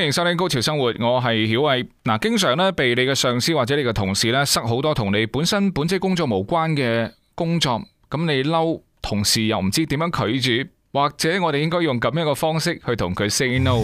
歡迎收聽《高潮生活》，我係曉慧。嗱，經常咧被你嘅上司或者你嘅同事咧塞好多同你本身本職工作無關嘅工作，咁你嬲，同事又唔知點樣拒絕，或者我哋應該用咁樣嘅方式去同佢 say no？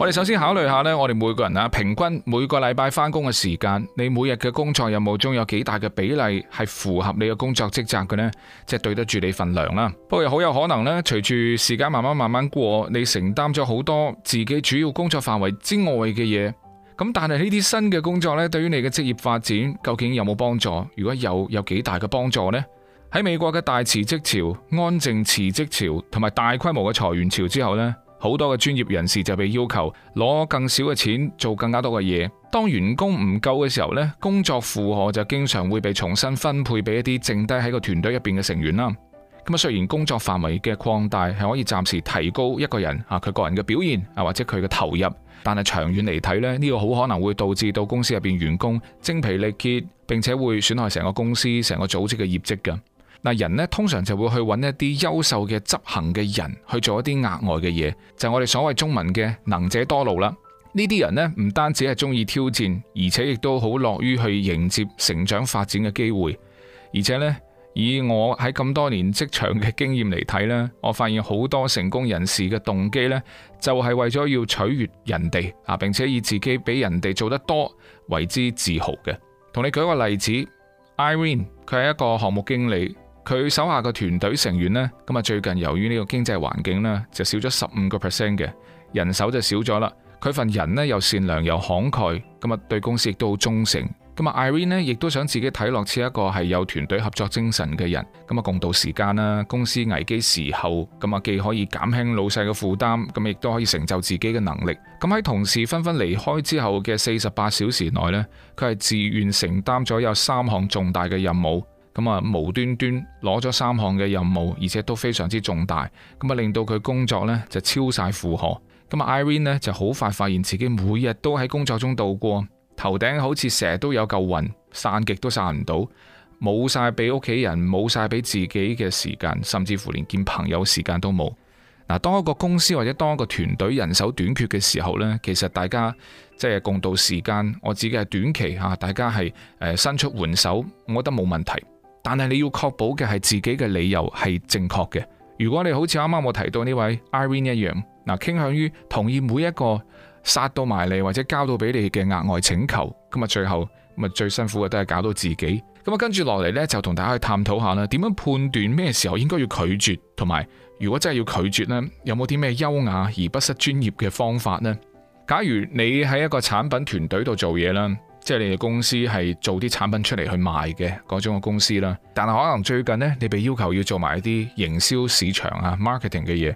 我哋首先考慮下呢，我哋每個人啊，平均每個禮拜翻工嘅時間，你每日嘅工作任務中有幾大嘅比例係符合你嘅工作職責嘅呢？即係對得住你份糧啦。不過好有可能呢，隨住時間慢慢慢慢過，你承擔咗好多自己主要工作範圍之外嘅嘢。咁但係呢啲新嘅工作呢，對於你嘅職業發展究竟有冇幫助？如果有，有幾大嘅幫助呢？喺美國嘅大辭職潮、安靜辭職潮同埋大規模嘅裁員潮之後呢。好多嘅專業人士就被要求攞更少嘅錢做更加多嘅嘢。當員工唔夠嘅時候呢，工作負荷就經常會被重新分配俾一啲剩低喺個團隊入邊嘅成員啦。咁啊，雖然工作範圍嘅擴大係可以暫時提高一個人啊，佢個人嘅表現啊，或者佢嘅投入，但係長遠嚟睇咧，呢個好可能會導致到公司入邊員工精疲力竭，並且會損害成個公司、成個組織嘅業績㗎。嗱，人呢，通常就會去揾一啲優秀嘅執行嘅人去做一啲額外嘅嘢，就係我哋所謂中文嘅能者多勞啦。呢啲人呢，唔單止係中意挑戰，而且亦都好樂於去迎接成長發展嘅機會。而且呢，以我喺咁多年職場嘅經驗嚟睇呢，我發現好多成功人士嘅動機呢，就係為咗要取悅人哋啊，並且以自己比人哋做得多為之自豪嘅。同你舉個例子，Irene 佢係一個項目經理。佢手下嘅團隊成員呢，咁啊最近由於呢個經濟環境呢，就少咗十五個 percent 嘅人手就少咗啦。佢份人呢，又善良又慷慨，咁啊對公司亦都好忠誠。咁啊，Irene 呢，亦都想自己睇落似一個係有團隊合作精神嘅人，咁啊共度時間啦，公司危機時候，咁啊既可以減輕老細嘅負擔，咁亦都可以成就自己嘅能力。咁喺同事紛紛離開之後嘅四十八小時內呢，佢係自願承擔咗有三項重大嘅任務。咁啊，無端端攞咗三項嘅任務，而且都非常之重大，咁啊，令到佢工作呢就超晒負荷。咁啊，Irene 呢就好快發現自己每日都喺工作中度過，頭頂好似成日都有嚿雲，散極都散唔到，冇晒俾屋企人，冇晒俾自己嘅時間，甚至乎連見朋友時間都冇嗱。當一個公司或者當一個團隊人手短缺嘅時候呢，其實大家即係、就是、共度時間，我自己係短期嚇，大家係伸出援手，我覺得冇問題。但係你要確保嘅係自己嘅理由係正確嘅。如果你好似啱啱我提到呢位 Irene 一樣，嗱，傾向於同意每一個殺到埋你或者交到俾你嘅額外請求，咁啊，最後咁最辛苦嘅都係搞到自己。咁啊，跟住落嚟呢，就同大家去探討下啦，點樣判斷咩時候應該要拒絕，同埋如果真係要拒絕呢，有冇啲咩優雅而不失專業嘅方法呢？假如你喺一個產品團隊度做嘢啦。即係你哋公司係做啲產品出嚟去賣嘅嗰種嘅公司啦，但係可能最近呢，你被要求要做埋一啲營銷市場啊、marketing 嘅嘢，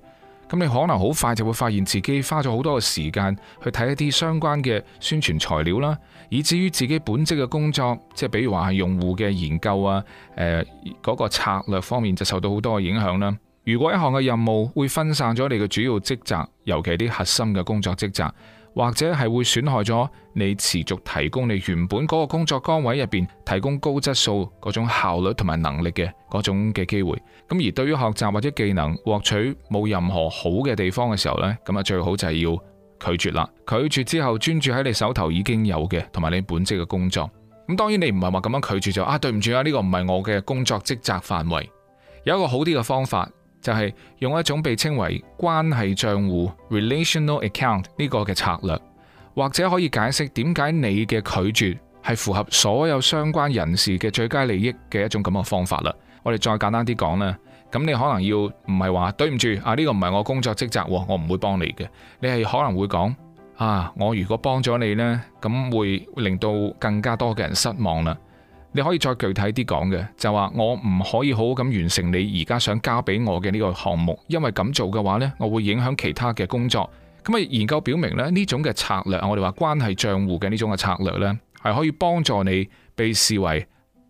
咁你可能好快就會發現自己花咗好多嘅時間去睇一啲相關嘅宣傳材料啦，以至於自己本職嘅工作，即係比如話係用戶嘅研究啊，誒嗰個策略方面就受到好多嘅影響啦。如果一項嘅任務會分散咗你嘅主要職責，尤其係啲核心嘅工作職責，或者係會損害咗你持續提供你原本嗰個工作崗位入邊提供高質素嗰種效率同埋能力嘅嗰種嘅機會，咁而對於學習或者技能獲取冇任何好嘅地方嘅時候呢，咁啊最好就係要拒絕啦。拒絕之後專注喺你手頭已經有嘅同埋你本職嘅工作。咁當然你唔係話咁樣拒絕就啊，對唔住啊，呢個唔係我嘅工作職責範圍。有一個好啲嘅方法。就係用一種被稱為關係賬戶 （relational account） 呢個嘅策略，或者可以解釋點解你嘅拒絕係符合所有相關人士嘅最佳利益嘅一種咁嘅方法啦。我哋再簡單啲講啦，咁你可能要唔係話對唔住啊，呢、呢個唔係我工作職責，我唔會幫你嘅。你係可能會講啊，我如果幫咗你呢，咁會令到更加多嘅人失望啦。你可以再具體啲講嘅，就話我唔可以好好咁完成你而家想交俾我嘅呢個項目，因為咁做嘅話呢，我會影響其他嘅工作。咁啊，研究表明咧，呢種嘅策略我哋話關係帳戶嘅呢種嘅策略呢，係可以幫助你被視為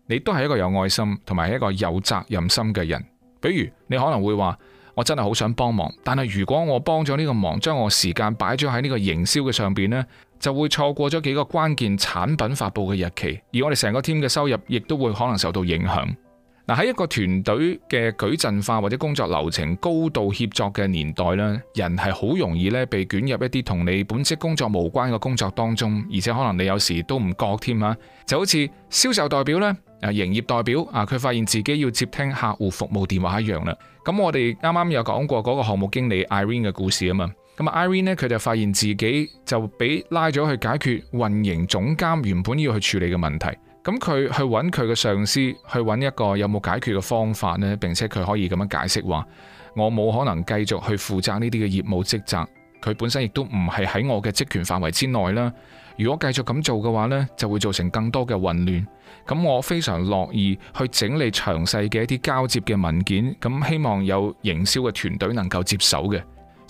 你都係一個有愛心同埋一個有責任心嘅人。比如你可能會話，我真係好想幫忙，但係如果我幫咗呢個忙，將我時間擺咗喺呢個營銷嘅上邊呢，」就會錯過咗幾個關鍵產品發佈嘅日期，而我哋成個 team 嘅收入亦都會可能受到影響。嗱，喺一個團隊嘅矩陣化或者工作流程高度協作嘅年代咧，人係好容易咧被捲入一啲同你本職工作無關嘅工作當中，而且可能你有時都唔覺添啊。就好似銷售代表咧啊，營業代表啊，佢發現自己要接聽客戶服務電話一樣啦。咁我哋啱啱有講過嗰個項目經理 Irene 嘅故事啊嘛。咁啊，Irene 咧，佢就發現自己就俾拉咗去解決運營總監原本要去處理嘅問題。咁佢去揾佢嘅上司，去揾一個有冇解決嘅方法咧，並且佢可以咁樣解釋話：我冇可能繼續去負責呢啲嘅業務職責，佢本身亦都唔係喺我嘅職權範圍之內啦。如果繼續咁做嘅話咧，就會造成更多嘅混亂。咁我非常樂意去整理詳細嘅一啲交接嘅文件。咁希望有營銷嘅團隊能夠接手嘅。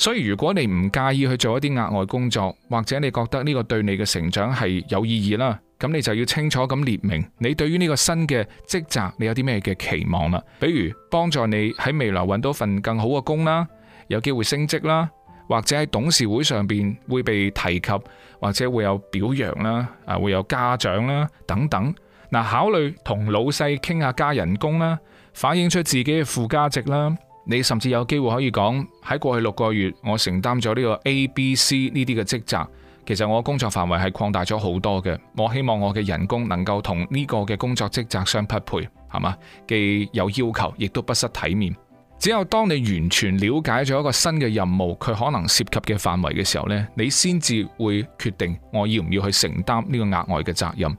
所以如果你唔介意去做一啲額外工作，或者你覺得呢個對你嘅成長係有意義啦，咁你就要清楚咁列明你對於呢個新嘅職責你有啲咩嘅期望啦。比如幫助你喺未來揾到份更好嘅工啦，有機會升職啦，或者喺董事會上邊會被提及，或者會有表揚啦，啊會有嘉獎啦，等等。嗱，考慮同老細傾下加人工啦，反映出自己嘅附加值啦。你甚至有機會可以講喺過去六個月，我承擔咗呢個 A、B、C 呢啲嘅職責，其實我工作範圍係擴大咗好多嘅。我希望我嘅人工能夠同呢個嘅工作職責相匹配，係嘛？既有要求，亦都不失體面。只有當你完全了解咗一個新嘅任務，佢可能涉及嘅範圍嘅時候呢，你先至會決定我要唔要去承擔呢個額外嘅責任。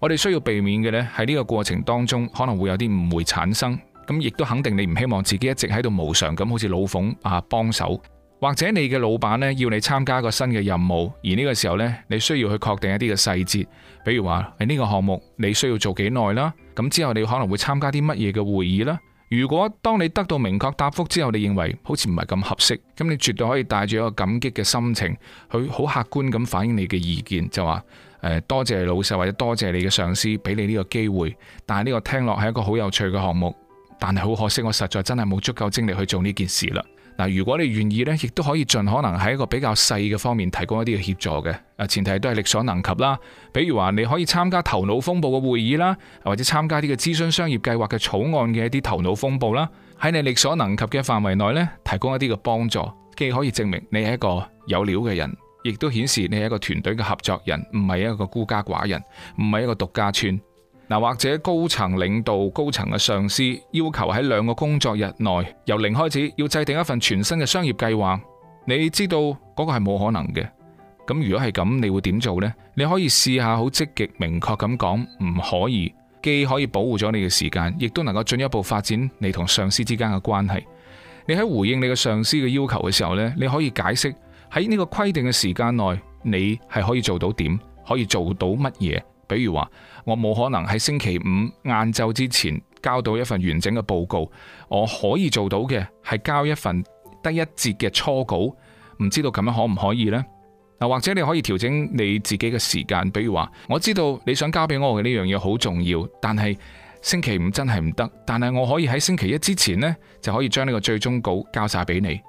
我哋需要避免嘅呢，喺呢個過程當中可能會有啲誤會產生。咁亦都肯定你唔希望自己一直喺度無常咁，好似老馮啊幫手，或者你嘅老闆呢要你參加個新嘅任務，而呢個時候呢，你需要去確定一啲嘅細節，比如話喺呢個項目你需要做幾耐啦，咁之後你可能會參加啲乜嘢嘅會議啦。如果當你得到明確答覆之後，你認為好似唔係咁合適，咁你絕對可以帶住一個感激嘅心情，去好客觀咁反映你嘅意見，就話、呃、多謝老細或者多謝你嘅上司俾你呢個機會，但係呢個聽落係一個好有趣嘅項目。但係好可惜，我實在真係冇足夠精力去做呢件事啦。嗱，如果你願意呢，亦都可以盡可能喺一個比較細嘅方面提供一啲嘅協助嘅，誒前提都係力所能及啦。比如話，你可以參加頭腦風暴嘅會議啦，或者參加啲嘅諮詢商業計劃嘅草案嘅一啲頭腦風暴啦，喺你力所能及嘅範圍內呢，提供一啲嘅幫助，既可以證明你係一個有料嘅人，亦都顯示你係一個團隊嘅合作人，唔係一個孤家寡人，唔係一個獨家村。嗱，或者高層領導、高層嘅上司要求喺兩個工作日內由零開始要制定一份全新嘅商業計劃，你知道嗰個係冇可能嘅。咁如果係咁，你會點做呢？你可以試下好積極、明確咁講唔可以，既可以保護咗你嘅時間，亦都能夠進一步發展你同上司之間嘅關係。你喺回應你嘅上司嘅要求嘅時候呢，你可以解釋喺呢個規定嘅時間內你係可以做到點，可以做到乜嘢，比如話。我冇可能喺星期五晏晝之前交到一份完整嘅報告，我可以做到嘅係交一份第一節嘅初稿，唔知道咁樣可唔可以呢？嗱，或者你可以調整你自己嘅時間，比如話我知道你想交俾我嘅呢樣嘢好重要，但係星期五真係唔得，但係我可以喺星期一之前呢，就可以將呢個最終稿交晒俾你。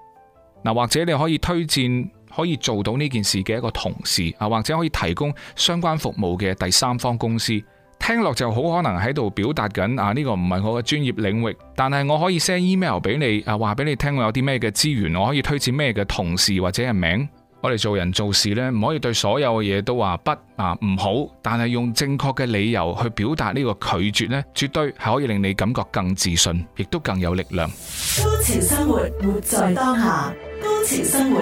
嗱，或者你可以推薦。可以做到呢件事嘅一個同事啊，或者可以提供相關服務嘅第三方公司，聽落就好可能喺度表達緊啊，呢個唔係我嘅專業領域，但係我可以 send email 俾你啊，話俾你聽我有啲咩嘅資源，我可以推薦咩嘅同事或者係名。我哋做人做事咧，唔可以對所有嘅嘢都話不啊唔好，但係用正確嘅理由去表達呢個拒絕咧，絕對係可以令你感覺更自信，亦都更有力量。高潮生活，活在當下。高潮生活。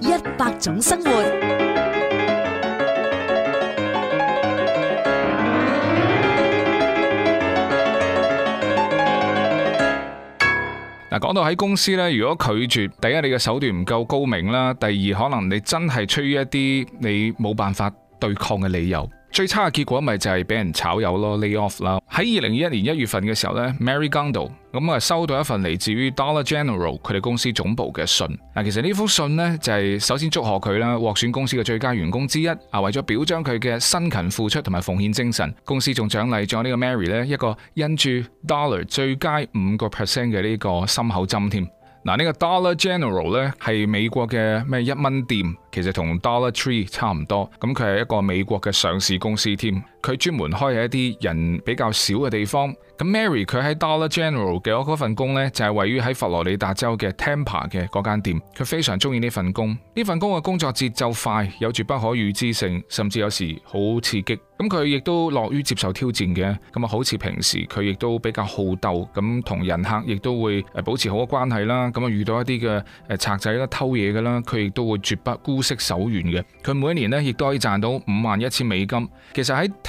一百種生活。嗱，講到喺公司咧，如果拒絕，第一，你嘅手段唔夠高明啦，第二，可能你真係出於一啲你冇辦法對抗嘅理由。最差嘅結果咪就係俾人炒魷咯，lay off 啦。喺二零二一年一月份嘅時候咧，Mary Gundo 咁啊收到一份嚟自於 Dollar General 佢哋公司總部嘅信。嗱，其實呢封信呢，就係首先祝賀佢啦，獲選公司嘅最佳員工之一。啊，為咗表彰佢嘅辛勤付出同埋奉獻精神，公司仲獎勵咗呢個 Mary 呢，一個印住 Dollar 最佳五個 percent 嘅呢個心口針添。嗱，呢個 Dollar General 咧，係美國嘅咩一蚊店，其實同 Dollar Tree 差唔多，咁佢係一個美國嘅上市公司添。佢專門開喺一啲人比較少嘅地方。咁 Mary 佢喺 Dollar General 嘅嗰份工呢，就係位於喺佛羅里達州嘅 Tampa 嘅嗰間店。佢非常中意呢份工。呢份工嘅工作節奏快，有住不可預知性，甚至有時好刺激。咁佢亦都樂於接受挑戰嘅。咁啊，好似平時佢亦都比較好鬥，咁同人客亦都會保持好嘅關係啦。咁啊，遇到一啲嘅誒賊仔啦、偷嘢嘅啦，佢亦都會絕不姑息手軟嘅。佢每一年呢，亦都可以賺到五萬一千美金。其實喺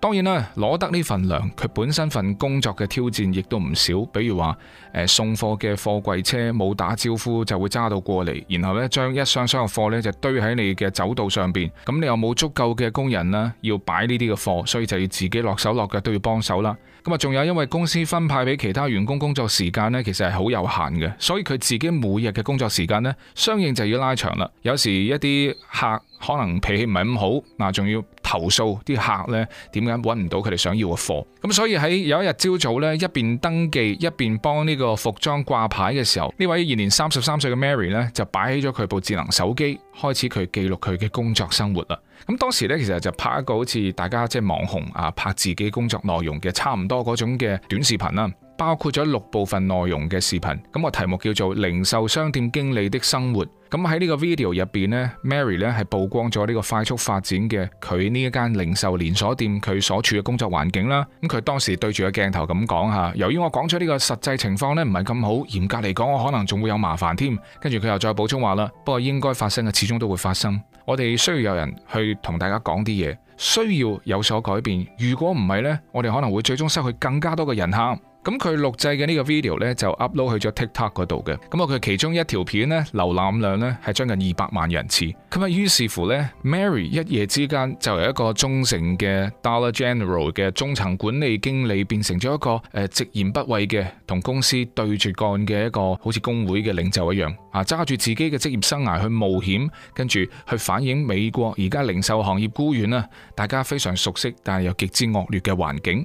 當然啦，攞得呢份糧，佢本身份工作嘅挑戰亦都唔少。比如話，誒送貨嘅貨櫃車冇打招呼就會揸到過嚟，然後呢將一箱箱嘅貨呢就堆喺你嘅走道上邊。咁你又冇足夠嘅工人啦，要擺呢啲嘅貨，所以就要自己落手落腳都要幫手啦。咁啊，仲有因為公司分派俾其他員工工作時間呢，其實係好有限嘅，所以佢自己每日嘅工作時間呢，相應就要拉長啦。有時一啲客可能脾氣唔係咁好，嗱，仲要。投訴啲客咧，點解揾唔到佢哋想要嘅貨？咁所以喺有一日朝早呢，一邊登記一邊幫呢個服裝掛牌嘅時候，呢位現年三十三歲嘅 Mary 呢，就擺起咗佢部智能手機，開始佢記錄佢嘅工作生活啦。咁當時咧，其實就拍一個好似大家即係網紅啊，拍自己工作內容嘅差唔多嗰種嘅短視頻啦，包括咗六部分內容嘅視頻。咁個題目叫做《零售商店經理的生活》。咁喺呢個 video 入邊呢 Mary 呢係曝光咗呢個快速發展嘅佢呢間零售連鎖店佢所處嘅工作環境啦。咁佢當時對住個鏡頭咁講嚇，由於我講出呢個實際情況呢唔係咁好，嚴格嚟講，我可能仲會有麻煩添。跟住佢又再補充話啦，不過應該發生嘅始終都會發生。我哋需要有人去同大家講啲嘢，需要有所改變。如果唔係呢，我哋可能會最終失去更加多嘅人客。咁佢錄製嘅呢個 video 咧就 upload 去咗 TikTok 度嘅，咁啊佢其中一條片呢，瀏覽量呢，係將近二百萬人次，咁啊於是乎呢，Mary 一夜之間就由一個忠誠嘅 Dollar General 嘅中層管理經理變成咗一個誒、呃、直言不諱嘅同公司對住幹嘅一個好似工會嘅領袖一樣，啊揸住自己嘅職業生涯去冒險，跟住去反映美國而家零售行業僱員啊，大家非常熟悉但係又極之惡劣嘅環境。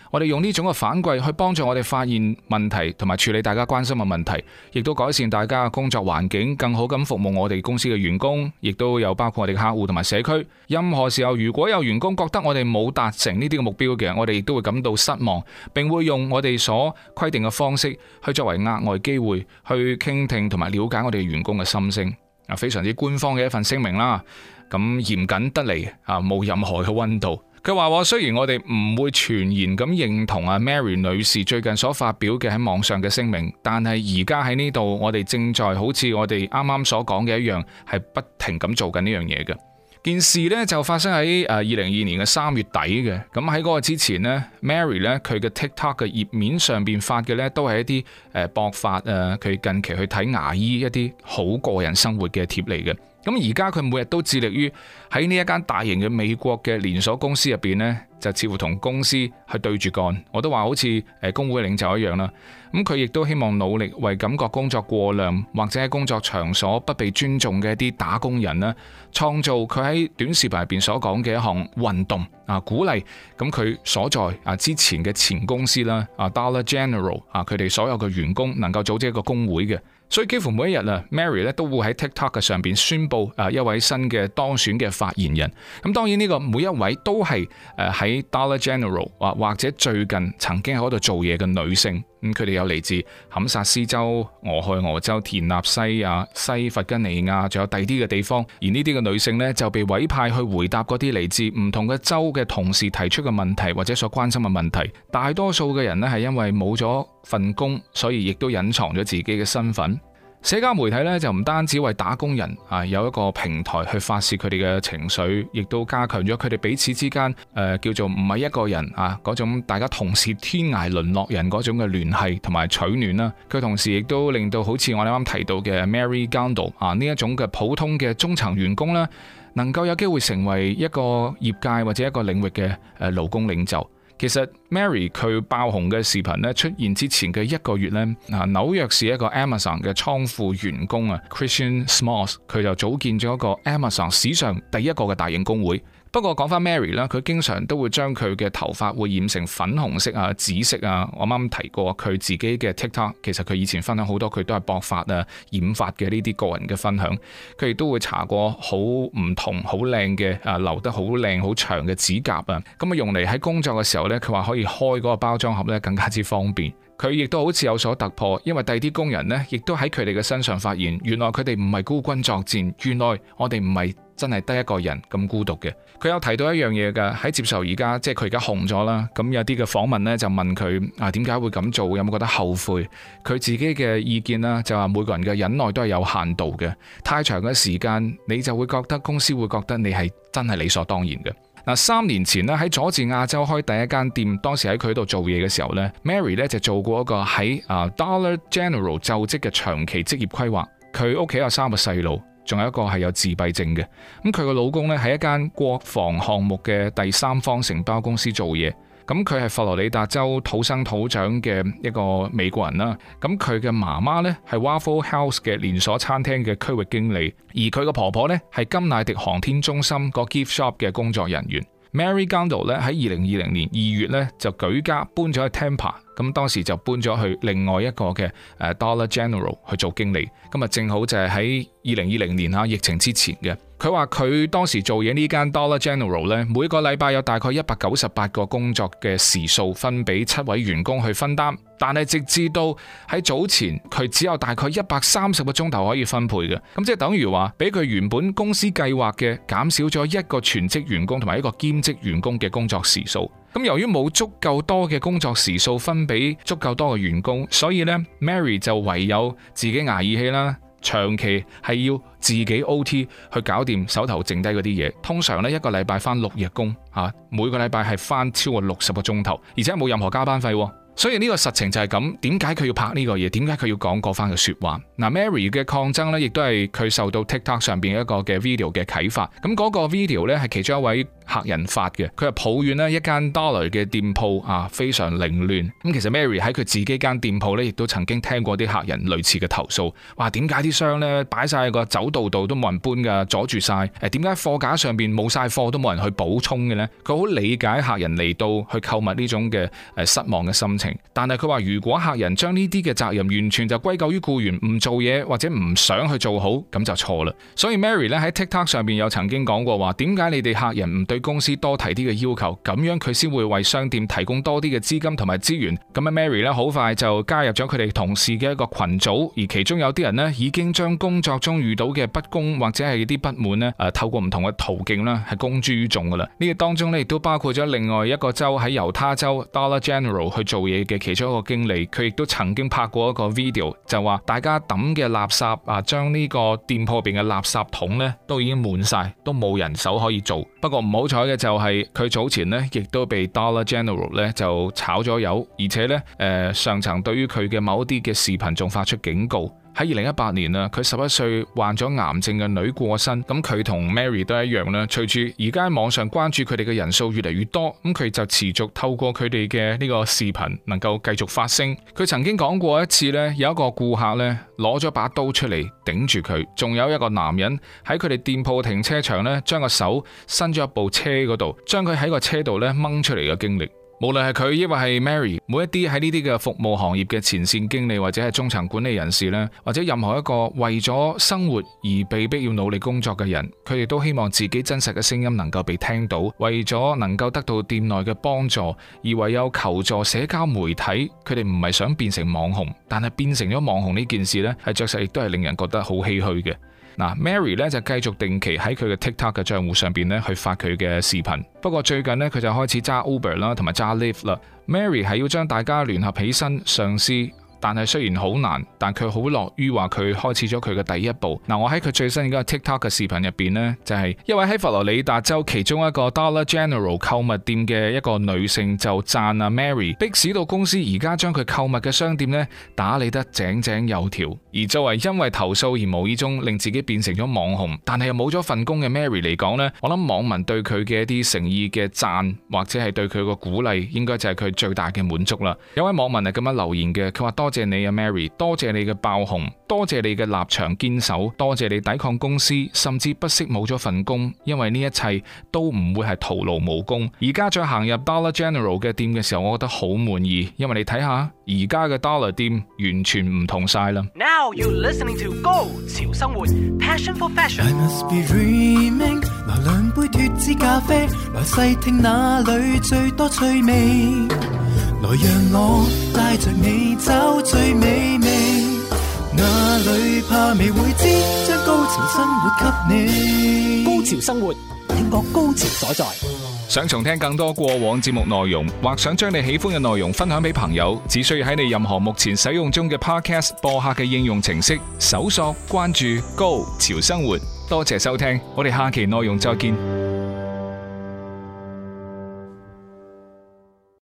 我哋用呢種嘅反饋去幫助我哋發現問題同埋處理大家關心嘅問題，亦都改善大家嘅工作環境，更好咁服務我哋公司嘅員工，亦都有包括我哋客戶同埋社區。任何時候，如果有員工覺得我哋冇達成呢啲嘅目標嘅，我哋亦都會感到失望，並會用我哋所規定嘅方式去作為額外機會去傾聽同埋了解我哋員工嘅心聲。啊，非常之官方嘅一份聲明啦，咁嚴謹得嚟啊，冇任何嘅溫度。佢話，雖然我哋唔會全然咁認同啊 Mary 女士最近所發表嘅喺網上嘅聲明，但係而家喺呢度，我哋正在好似我哋啱啱所講嘅一樣，係不停咁做緊呢樣嘢嘅。件事呢，就發生喺誒二零二二年嘅三月底嘅。咁喺嗰個之前呢，Mary 呢，佢嘅 TikTok 嘅頁面上邊發嘅呢，都係一啲誒博發啊，佢、呃呃、近期去睇牙醫一啲好個人生活嘅貼嚟嘅。咁而家佢每日都致力於喺呢一間大型嘅美國嘅連鎖公司入邊呢，就似乎同公司去對住幹，我都話好似誒工會領袖一樣啦。咁佢亦都希望努力為感覺工作過量或者喺工作場所不被尊重嘅一啲打工人啦，創造佢喺短視頻入邊所講嘅一項運動啊，鼓勵咁佢所在啊之前嘅前公司啦啊 Dollar General 啊佢哋所有嘅員工能夠組織一個工會嘅。所以幾乎每一日啊，Mary 咧都會喺 TikTok 上邊宣佈啊一位新嘅當選嘅發言人。咁、啊、當然呢、呢個每一位都係誒喺、呃、Dollar General 或、啊、或者最近曾經喺嗰度做嘢嘅女性。咁佢哋有嚟自堪薩斯州、俄亥俄州、田納西啊、西弗吉尼亞，仲有第啲嘅地方。而呢啲嘅女性呢，就被委派去回答嗰啲嚟自唔同嘅州嘅同事提出嘅問題，或者所關心嘅問題。大多數嘅人呢，係因為冇咗份工，所以亦都隱藏咗自己嘅身份。社交媒體咧，就唔單止為打工人啊，有一個平台去發泄佢哋嘅情緒，亦都加強咗佢哋彼此之間誒、呃、叫做唔係一個人啊嗰種大家同是天涯淪落人嗰種嘅聯繫同埋取暖啦。佢、啊、同時亦都令到好似我哋啱提到嘅 Mary Gando 啊呢一種嘅普通嘅中層員工呢，能夠有機會成為一個業界或者一個領域嘅誒勞工領袖。其實 Mary 佢爆紅嘅視頻出現之前嘅一個月呢，嗱，紐約市一個 Amazon 嘅倉庫員工 Christian Smalls 佢就組建咗一個 Amazon 史上第一個嘅大型工會。不過講翻 Mary 啦，佢經常都會將佢嘅頭髮會染成粉紅色啊、紫色啊。我啱啱提過佢自己嘅 TikTok，其實佢以前分享好多佢都係薄髮啊、染髮嘅呢啲個人嘅分享。佢亦都會搽過好唔同、好靚嘅啊，留得好靚、好長嘅指甲啊，咁啊用嚟喺工作嘅時候呢，佢話可以開嗰個包裝盒呢更加之方便。佢亦都好似有所突破，因為第二啲工人呢亦都喺佢哋嘅身上發現，原來佢哋唔係孤軍作戰，原來我哋唔係真係得一個人咁孤獨嘅。佢有提到一樣嘢嘅，喺接受而家即係佢而家紅咗啦，咁有啲嘅訪問呢就問佢啊點解會咁做，有冇覺得後悔？佢自己嘅意見啦，就話每個人嘅忍耐都係有限度嘅，太長嘅時間，你就會覺得公司會覺得你係真係理所當然嘅。嗱三年前咧喺佐治亞州開第一間店，當時喺佢度做嘢嘅時候咧，Mary 咧就做過一個喺啊 Dollar General 就職嘅長期職業規劃。佢屋企有三個細路，仲有一個係有自閉症嘅。咁佢個老公咧喺一間國防項目嘅第三方承包公司做嘢。咁佢係佛羅里達州土生土長嘅一個美國人啦。咁佢嘅媽媽呢係 Waffle House 嘅連鎖餐廳嘅區域經理，而佢嘅婆婆呢係金乃迪航天中心個 gift shop 嘅工作人員。Mary Gandol 咧，喺二零二零年二月呢就舉家搬咗去 Tampa，咁當時就搬咗去另外一個嘅 Dollar General 去做經理。今日正好就係喺二零二零年啊疫情之前嘅。佢話：佢當時做嘢呢間 Dollar General 呢，每個禮拜有大概一百九十八個工作嘅時數分俾七位員工去分擔。但係直至到喺早前，佢只有大概一百三十個鐘頭可以分配嘅。咁即係等於話，俾佢原本公司計劃嘅減少咗一個全職員工同埋一個兼職員工嘅工作時數。咁由於冇足夠多嘅工作時數分俾足夠多嘅員工，所以呢，Mary 就唯有自己捱耳氣啦。長期係要自己 OT 去搞掂手頭剩低嗰啲嘢，通常咧一個禮拜返六日工啊，每個禮拜係返超過六十個鐘頭，而且冇任何加班費喎。所以呢個實情就係咁，點解佢要拍呢個嘢？點解佢要講嗰番嘅説話？嗱，Mary 嘅抗爭呢，亦都係佢受到 TikTok 上邊一個嘅 video 嘅啟發。咁嗰個 video 呢，係其中一位客人發嘅，佢係抱怨呢一間 Dollar 嘅店鋪啊，非常凌亂。咁其實 Mary 喺佢自己間店鋪呢，亦都曾經聽過啲客人類似嘅投訴。哇，點解啲箱呢擺晒個走道度都冇人搬㗎，阻住晒。啊，誒，點解貨架上邊冇晒貨都冇人去補充嘅呢？佢好理解客人嚟到去購物呢種嘅誒失望嘅心情。但係佢話，如果客人將呢啲嘅責任完全就歸咎於僱員唔做嘢或者唔想去做好，咁就錯啦。所以 Mary 咧喺 TikTok 上邊有曾經講過話，點解你哋客人唔對公司多提啲嘅要求，咁樣佢先會為商店提供多啲嘅資金同埋資源。咁啊 Mary 咧好快就加入咗佢哋同事嘅一個群組，而其中有啲人呢，已經將工作中遇到嘅不公或者係啲不滿呢，誒透過唔同嘅途徑呢，係公諸於眾噶啦。呢個當中呢，亦都包括咗另外一個州喺猶他州 Dollar General 去做嘢嘅其中一個經理，佢亦都曾經拍過一個 video，就話大家抌嘅垃圾啊，將呢個店鋪入邊嘅垃圾桶呢都已經滿晒，都冇人手可以做。不過唔好彩嘅就係、是、佢早前呢亦都被 Dollar General 呢就炒咗油，而且呢誒、呃、上層對於佢嘅某啲嘅視頻仲發出警告。喺二零一八年啊，佢十一歲患咗癌症嘅女過身，咁佢同 Mary 都一樣啦。隨住而家網上關注佢哋嘅人數越嚟越多，咁佢就持續透過佢哋嘅呢個視頻，能夠繼續發聲。佢曾經講過一次咧，有一個顧客咧攞咗把刀出嚟頂住佢，仲有一個男人喺佢哋店鋪停車場咧，將個手伸咗入一部車嗰度，將佢喺個車度咧掹出嚟嘅經歷。無論係佢亦或係 Mary，每一啲喺呢啲嘅服務行業嘅前線經理或者係中層管理人士咧，或者任何一個為咗生活而被逼要努力工作嘅人，佢哋都希望自己真實嘅聲音能夠被聽到，為咗能夠得到店內嘅幫助，而唯有求助社交媒體。佢哋唔係想變成網紅，但係變成咗網紅呢件事呢，係着實亦都係令人覺得好唏噓嘅。嗱，Mary 咧就繼續定期喺佢嘅 TikTok 嘅帳戶上邊咧去發佢嘅視頻。不過最近咧佢就開始揸 Uber 啦，同埋揸 Lyft 啦。Mary 係要將大家聯合起身，上司。但係雖然好難，但佢好樂於話佢開始咗佢嘅第一步。嗱，我喺佢最新嗰個 TikTok 嘅視頻入邊呢，就係一位喺佛羅里達州其中一個 Dollar General 購物店嘅一個女性就讚啊 Mary，迫使到公司而家將佢購物嘅商店咧打理得井井有條。而作為因為投訴而無意中令自己變成咗網紅，但係又冇咗份工嘅 Mary 嚟講呢，我諗網民對佢嘅一啲誠意嘅讚或者係對佢個鼓勵，應該就係佢最大嘅滿足啦。有位網民係咁樣留言嘅，佢話多。多謝你啊，Mary，多謝你嘅爆紅，多謝你嘅立場堅守，多謝你抵抗公司，甚至不惜冇咗份工，因為呢一切都唔會係徒勞無功。而家再行入 Dollar General 嘅店嘅時候，我覺得好滿意，因為你睇下而家嘅 Dollar 店完全唔同晒啦。來讓我帶着你找最美味，哪裏怕未會知，將高潮生活給你。高潮生活，聽我高潮所在。想重聽更多過往節目內容，或想將你喜歡嘅內容分享俾朋友，只需要喺你任何目前使用中嘅 Podcast 播客嘅應用程式搜索、關注“高潮生活”。多謝收聽，我哋下期內容再見。